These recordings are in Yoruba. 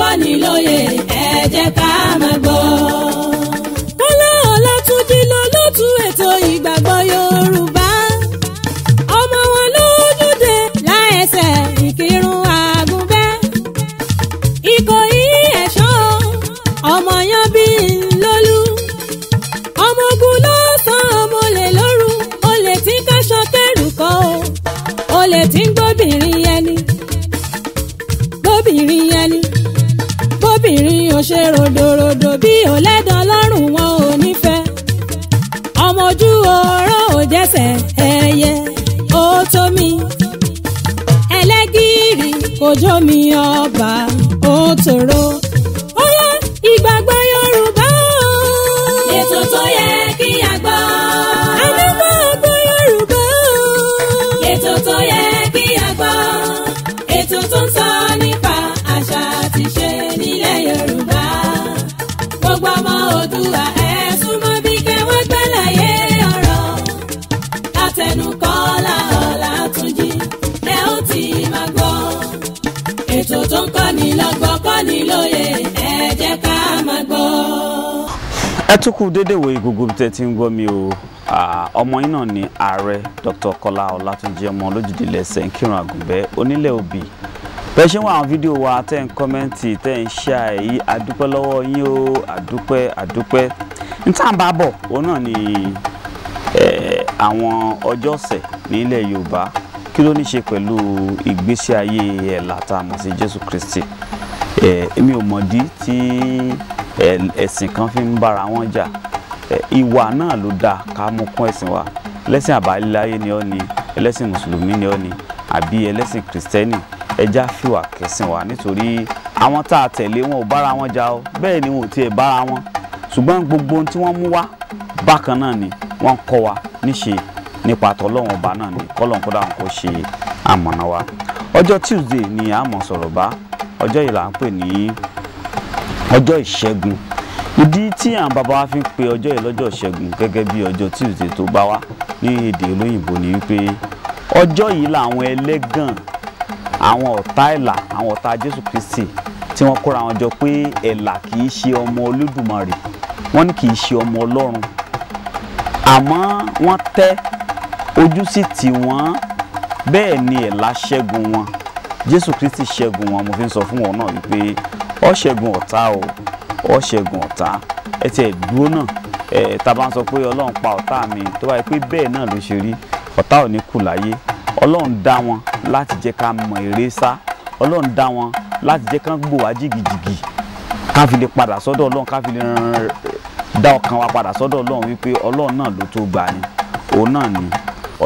kọ́ni lóye ẹ ká máa gbọ́. ṣe ròdòròdò bí ọ̀lẹ́dàn lọ́rùn wọn ò nífẹ̀ẹ́ ọmọ ojú ọ̀rọ̀ ò jẹ́sẹ̀ ẹyẹ ó tó mi ẹlẹ́gìrì kò jó mi ọba ó tòrò. ẹ tún kú dédé wo gbogbo bí ti ń gbọ́ mi o ọmọ yín náà ni ààrẹ Dr. Kọ́lá Ọlátúnjí ọmọ olójúdilẹ̀sẹ̀ ń kírun àgùnbẹ́ onílẹ̀ òbí bẹ́ẹ̀ ṣe ń wá àwọn fídíò wa tẹ́ ń kọ́mẹ́ǹtì tẹ́ ń ṣe àìyí àdúpẹ́ lọ́wọ́ yín o àdúpẹ́ àdúpẹ́ ń tàn bá òun náà ni àwọn ọjọ́ ọ̀sẹ̀ nílẹ̀ Yorùbá kí ló ní ṣe pẹ̀lú ìgbésí ayé ẹ̀ làtà mọ̀ sí Jésù Kristi èmi ò mọ̀dí tí ẹ̀sìn kan fi ń bára wọn jà ìwà náà ló dáa ká mú kún ẹ̀sìn wa ẹlẹ́sìn àbáláyé ni ọ́ ni ẹlẹ́sìn mùsùlùmí ni ọ́ ni àbí ẹlẹ́sìn kìrìsìtẹ́nì ẹja fìwà kẹsìn wa nítorí àwọn tá a tẹ̀lé wọn ò bára wọn jà o bẹ́ẹ̀ ni wọn ò tiẹ̀ bára wọn ṣùgbọ́n gbogbo ohun tí wọ́n mú wá bákan náà ni wọ́n kọ́ wa níṣe nípa tọ́lọ́wọ́n ọba náà ni kọ́lọ́n kó dáhùn kó ṣe àmọ̀nà wa ọjọ́ Tuesday ni a mọ̀ sọ̀rọ̀ bá ọjọ́ yìí là ń pè ní ọjọ́ ìṣẹ́gun ìdí tí àwọn bàbá wa fi ń pe ọjọ́ yìí lọ́jọ́ ìṣẹ́gun gẹ́gẹ́ bí ọjọ́ Tuesday tó bá wá ní èdè olóyìnbó ni wípé ọjọ́ yìí làwọn ẹlẹ́gàn àwọn ọ̀tá ẹ̀là àwọn ọ̀tá Jésù Kristi tí wọ́n kóra wọn jọ pé ẹ̀là kì í ṣe ọmọ Olódùmarè wọ́n ní kì í ṣe ọmọ Ọlọ́run àmọ́ wọ́n tẹ́ ojú sí tì wọ́n bẹ́ẹ̀ ni ẹ̀là ṣẹ́gun wọn jésù kristi ṣẹ́gun wọn mo fi ń sọ fún wọn náà wípé ọ ṣẹ́gun o ọ ṣẹ́gun ọ̀tá ẹ tiẹ̀ dúró náà ẹ ta bá ń sọ pé ọlọ́run pa ọ̀tá mi tó bá yẹ pé bẹ́ẹ̀ náà ló ṣe rí ọ̀tá ò ní kù láyé ọlọ́run dá wọn láti jẹ́ ká mọ eré sá ọlọ́run dá wọn láti jẹ́ ká gbò wá jìgìjìgì ká fi lè padà sọ́dọ̀ ọlọ́run ká fi lè dá ọkàn wa padà sọ́dọ̀ ọlọ́run wípé ọlọ́run náà ló tó gbà ni òun náà ni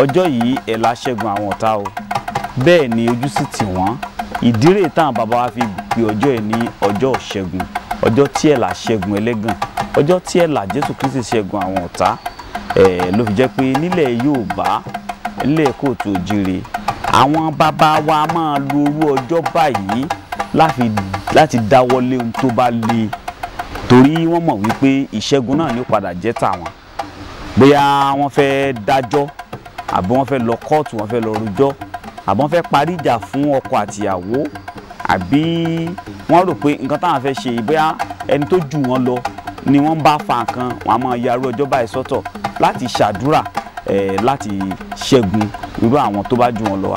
ọjọ́ yìí ẹ̀ la ṣẹ́gun àwọn ọ̀tá o bẹ́ẹ̀ ni ojú sì tì wọ́n ìdírè táwọn bàbá wa fi pe ọjọ́ ẹ̀ ní ọjọ́ ìṣẹ́gun ọjọ́ tí ẹ̀là ṣẹ́gun ẹlẹ́gàn ọjọ́ tí ẹ̀là Jésù Kristi ṣẹ́gun àwọn ọ̀tá ẹ̀ ló fi jẹ́ pé nílẹ̀ Yorùbá nílẹ̀ kóòtù òjìrè àwọn bàbá wa máa lo orú ọjọ́ báyìí láti dáwọ́lé ohun tó bá le torí wọ́n mọ̀ wípé ìṣẹ́gun náà ní padà jẹ́ tàwọn bóyá wọ́n fẹ́ dájọ́ àbí wọ́n fẹ́ lọ kóòtù wọ́n fẹ́ lọ rújọ́ àbọ̀n fẹ́ parí ìjà fún ọkọ àtìyàwó àbí wọ́n rò pé nǹkan táwọn fẹ́ ṣe bóyá ẹni tó jù wọ́n lọ ni wọ́n bá fa nǹkan wọn a máa yarú ọjọ́ báyìí sọ́tọ̀ láti ṣàdúrà láti ṣẹ́gun irú àwọn tó bá jù wọ́n lọ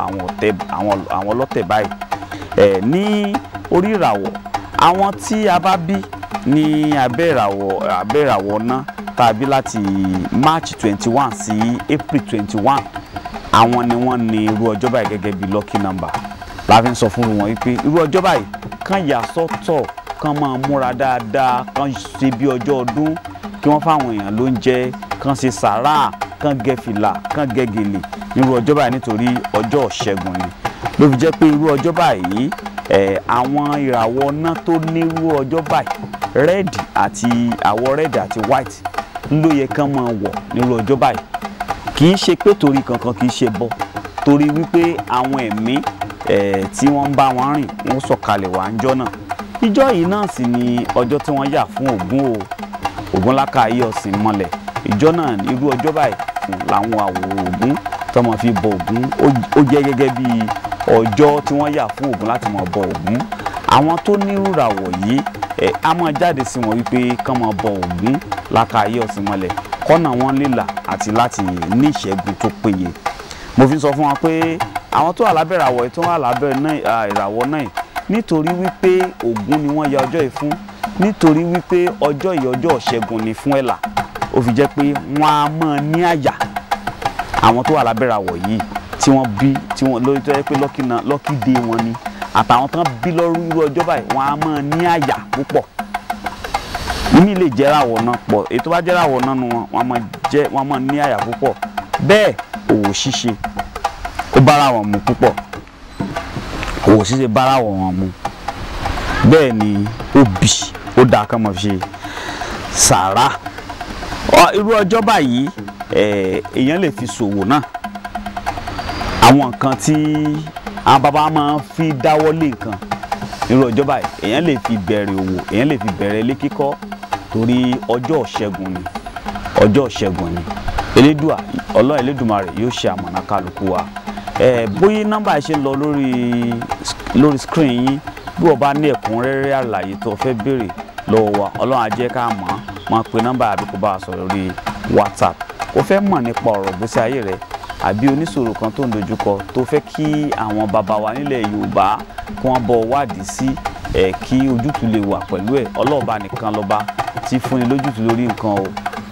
àwọn ọlọ́tẹ̀ báyìí ní orí ìràwọ̀ àwọn tí a bá bí ní abẹ́ ìràwọ̀ abẹ́ ìràwọ̀ náà tàbí láti March twenty one sí April twenty one àwọn ni wọ́n ní irú ọjọ́ báyìí gẹ́gẹ́ bí lucky number la fi ń sọ fún wọn wípé irú ọjọ́ báyìí kàn yà sọ́tọ̀ kàn máa múra dáadáa kàn ṣe bí ọjọ́ ọdún kí wọ́n fáwọn èèyàn ló ń jẹ kàn ṣe sàrà kàn gẹ fìlà kàn gẹ gèlè irú ọjọ́ báyìí nítorí ọjọ́ ìṣẹ́gun ni ló fi jẹ́ pé irú ọjọ́ báyìí àwọn ìràwọ̀ ọ̀nà tó nírú ọjọ́ báyìí red àti àwọ̀ red àti white ló yẹ kán máa wọ̀ nírú ọjọ́ báyìí kì í ṣe pé torí kankan kì í ṣe bọ torí wípé àwọn ẹ̀mí tí wọ́n ń bá wọn rìn wọ́n sọ̀kalẹ̀ wá ńjọ́ náà ìjọ yìí náà sì ni ọjọ́ tí wọ́n yà fún Ògún o Ògúnláka ayé ọ̀sìn mọ́lẹ̀ ìjọ náà irú ọjọ́ báyìí làwọn àwòrán Ògún tó máa fi bọ Ògún ó jẹ́ gẹ́gẹ́ bí ọjọ́ tí wọ́n yà fún Ògún láti máa bọ Ògún àwọn tó nírúuràwọ̀ yìí a máa jáde sí wọn wípé kán máa bọ Ògún láka ayé ọ̀sìn mọ́lẹ̀ kọ́nà wọn lè là àti láti ní ìṣẹ́gun tó péye mo fi sọ fún wa pé àwọn tó wà lábẹ́ ìràwọ̀ tó wà lábẹ́ ìràwọ̀ náà nítorí wípé Ògún ni wọ́n ya ọjọ́ yìí fún nítorí wípé ọjọ́ yìí ọjọ́ ìṣẹ́gun ni fún ẹ̀là ó fi jẹ́ pé wọ́n á mọ̀ ní àyà àwọn tó wà lábẹ́ ìràwọ̀ yìí tí wọ́n bí tí wọ́n lórí tó yẹ pé lọ́kì dé wọn ni àtàwọn tán bí lọ́rú irú ọjọ́ báyìí wọ́n á mọ̀ ní àyà púpọ̀ ìmí lè jẹ́ ràwọ̀ náà pọ̀ èyí tó bá jẹ́ ràwọ̀ náà nu wọn wọn máa jẹ́ wọn máa ní àyà púpọ̀ bẹ́ẹ̀ òwò ṣíṣe ó bá ràwọ̀ mu púpọ̀ òwò ṣíṣe bá ràwọ̀ wọn mu bẹ́ẹ̀ ni ó bì ó dáa kán mọ̀ ṣe sàrà irú ọjọ́ báyìí èèyàn lè fi ṣòwò náà àwọn nǹkan tí àwọn bàbá máa ń fi dáwọ́lé nǹkan irú ọjọ́ báyìí èèyàn lè fi bẹ̀rẹ̀ òwò èèyàn lè fi bẹ̀rẹ̀ ilé kíkọ́ torí ọjọ́ ìṣẹ́gun ni ọjọ́ ìṣẹ́gun ni elédùà ọlọ́run elédùmarè yóò ṣe àmọ̀nà kálukú wa bóyá nọ́mbà ṣe lọ lórí lórí screen yín bí wọ́n bá ní ẹ̀kúnrẹ́rẹ́ àlàyé tó fẹ́ béèrè lọ́wọ́ wa ọlọ́run á jẹ́ ká mọ̀ máa pe nọ́mbà àbí kó bá a sọ̀rọ̀ lórí whatsapp ó fẹ́ mọ̀ nípa ọ̀rọ̀ ìgbésí ayé rẹ àbí oníṣòro kan tó ń dojúkọ tó fẹ́ kí àwọn bàbá wa nílẹ̀ yorùbá kí wọ́n bọ̀ wádìí sí ẹ̀ kí ojútùú lè wà pẹ̀lú ẹ̀ ọlọ́ọ̀ba nìkan lọ́ba ti fúnni lójútùú lórí nǹkan o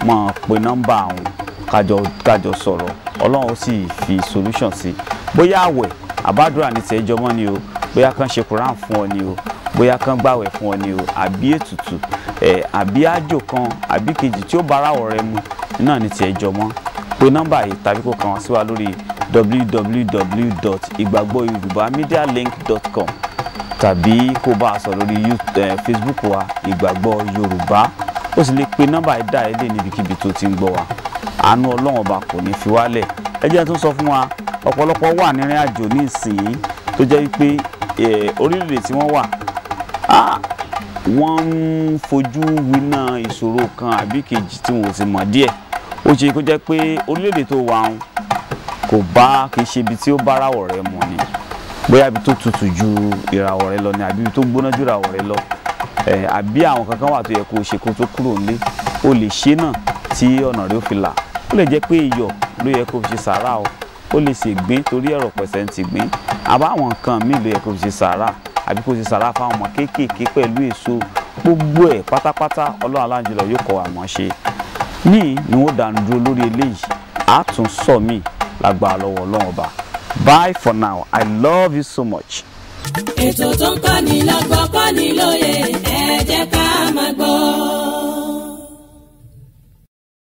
máa pe nọ́mbà àwọn kájọ kájọ sọ̀rọ̀ ọlọ́run sì fi solution sí bóyá àwẹ̀ àbádùrà ní tiẹ̀ jọmọ́ ni o bóyá kán ṣe koran fún ọ ni o bóyá kán gbàwẹ̀ fún ọ ni o àbí ètùtù ẹ̀ àbí àjò kan àbí kejì tí ó bára ọ̀rẹ́ mu náà ní tiẹ̀ jọmọ́ pe nọ́mbà yìí tàbí kó kàn wá sí wa lórí www.igbagboyorubamedialink.com tàbí kó bá a sọ lórí eh, facebook wa ìgbàgbọ́ yorùbá ó sì lè pe nọ́mbà ẹ̀dá ẹ̀ lé níbikíbi tó ti ń gbọ́ wa àánú ọlọ́run ọba kò ní fi wálẹ̀ ẹ jẹ́ tó sọ fún wa ọ̀pọ̀lọpọ̀ wà nírìn àjò ní ìsìn tó jẹ́ wípé eh, orílẹ̀-èdè tí wọ́n wà wọ́n ń fojú winá ìṣòro kan àbí kejì tí wọ́n ti mọ̀ díẹ̀ ó ṣe kó jẹ́ pé orílẹ̀-èdè tó wà kò bá kì í ṣe ibi tí ó bára ọ̀rẹ́ mu ni bóyá ibi tó tutù ju ìràwọ̀ rẹ lọ ni àbí ibi tó gbóná ju ìràwọ̀ rẹ lọ àbí àwọn kankan wà tó yẹ kó o ṣe kó tó kúrò nílé o lè ṣe náà tí ọ̀nà rẹ ó fi là ó lè jẹ́ pé iyọ̀ ló yẹ kó o fi ṣe sàárà o ó lè ṣe gbín torí ẹ̀rọ pẹ̀sẹ̀ ń ti gbín àbá àwọn nǹkan míì ló yẹ kó o fi ṣe sàárà àbí kó o ṣe sàárà fáwọn ọmọ kéékèèké pẹ̀lú èso gbogbo ẹ̀ pátápátá ọlọ́run aláǹjẹlọ yóò kọ́ àmọ́ ṣe ni wọ́n dànù dúró lórí eléyìí àtúnṣọ́ mi lágbára lọ́wọ́ bye for now i love you so much. ètò tó ń kọ́ni lọ́gbọ́n kọ́ni lóye ẹ máa gbọ́.